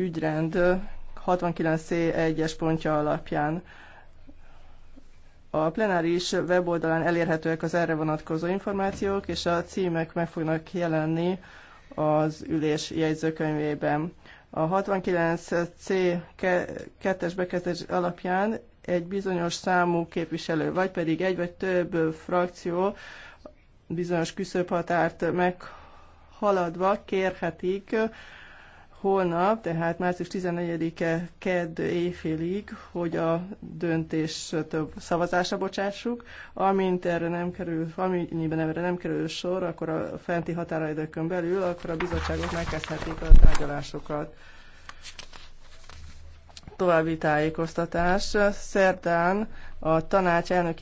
ügyrend 69C1-es pontja alapján. A plenáris weboldalán elérhetőek az erre vonatkozó információk, és a címek meg fognak jelenni az ülés jegyzőkönyvében. A 69C 2-es bekezdés alapján egy bizonyos számú képviselő, vagy pedig egy vagy több frakció bizonyos küszöbhatárt meghaladva kérhetik holnap, tehát március 14-e kedd éjfélig, hogy a döntés több szavazásra bocsássuk. Amint erre nem kerül, amennyiben erre nem kerül sor, akkor a fenti határaidőkön belül, akkor a bizottságok megkezdhetik a tárgyalásokat. További tájékoztatás. Szerdán a tanács elnöki